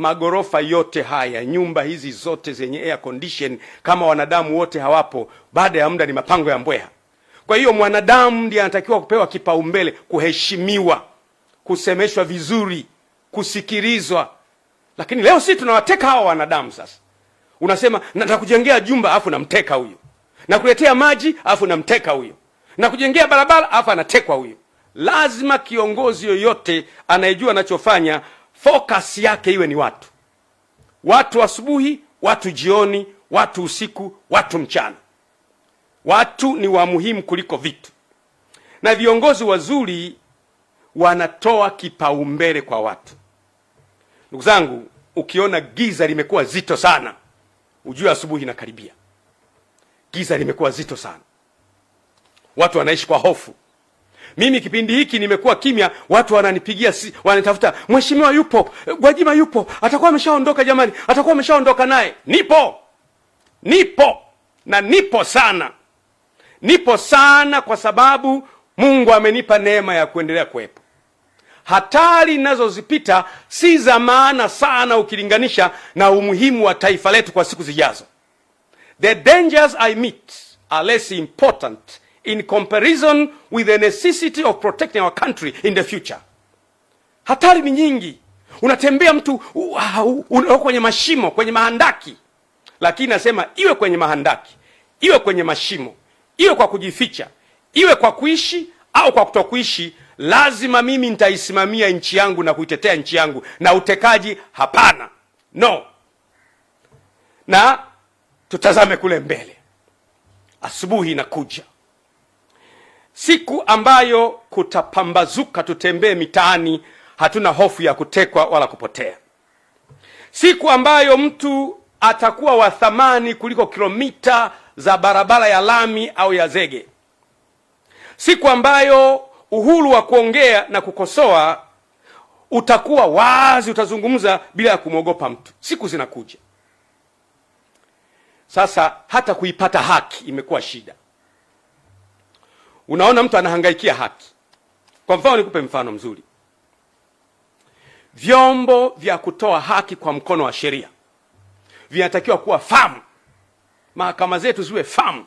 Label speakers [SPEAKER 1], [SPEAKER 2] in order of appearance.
[SPEAKER 1] magorofa yote haya, nyumba hizi zote zenye air condition, kama wanadamu wote hawapo, baada ya muda ni mapango ya mbweha. Kwa hiyo mwanadamu ndiye anatakiwa kupewa kipaumbele, kuheshimiwa, kusemeshwa vizuri, kusikilizwa. Lakini leo sisi tunawateka hawa wanadamu. Sasa unasema natakujengea jumba, afu namteka huyo, nakuletea maji, afu namteka huyo, nakujengea barabara, afu anatekwa huyo. Lazima kiongozi yoyote anayejua anachofanya focus yake iwe ni watu, watu asubuhi, watu jioni, watu usiku, watu mchana. Watu ni wa muhimu kuliko vitu, na viongozi wazuri wanatoa kipaumbele kwa watu. Ndugu zangu, ukiona giza limekuwa zito sana, ujue asubuhi inakaribia. Giza limekuwa zito sana, watu wanaishi kwa hofu. Mimi kipindi hiki nimekuwa kimya, watu wananipigia, wananitafuta, mheshimiwa yupo, Gwajima yupo, atakuwa ameshaondoka jamani, atakuwa ameshaondoka naye. Nipo, nipo na nipo sana, nipo sana, kwa sababu Mungu amenipa neema ya kuendelea kuwepo. Hatari ninazozipita si za maana sana ukilinganisha na umuhimu wa taifa letu kwa siku zijazo. The dangers I meet are less important in comparison with the necessity of protecting our country in the future. Hatari ni nyingi, unatembea mtu uh, kwenye mashimo, kwenye mahandaki, lakini nasema iwe kwenye mahandaki, iwe kwenye mashimo, iwe kwa kujificha, iwe kwa kuishi au kwa kutokuishi, lazima mimi nitaisimamia nchi yangu na kuitetea nchi yangu, na utekaji hapana, no. Na tutazame kule mbele, asubuhi inakuja siku ambayo kutapambazuka, tutembee mitaani, hatuna hofu ya kutekwa wala kupotea, siku ambayo mtu atakuwa wa thamani kuliko kilomita za barabara ya lami au ya zege, siku ambayo uhuru wa kuongea na kukosoa utakuwa wazi, utazungumza bila ya kumwogopa mtu. Siku zinakuja sasa, hata kuipata haki imekuwa shida unaona mtu anahangaikia haki. Kwa mfano, nikupe mfano mzuri, vyombo vya kutoa haki kwa mkono wa sheria vinatakiwa kuwa famu. Mahakama zetu ziwe famu.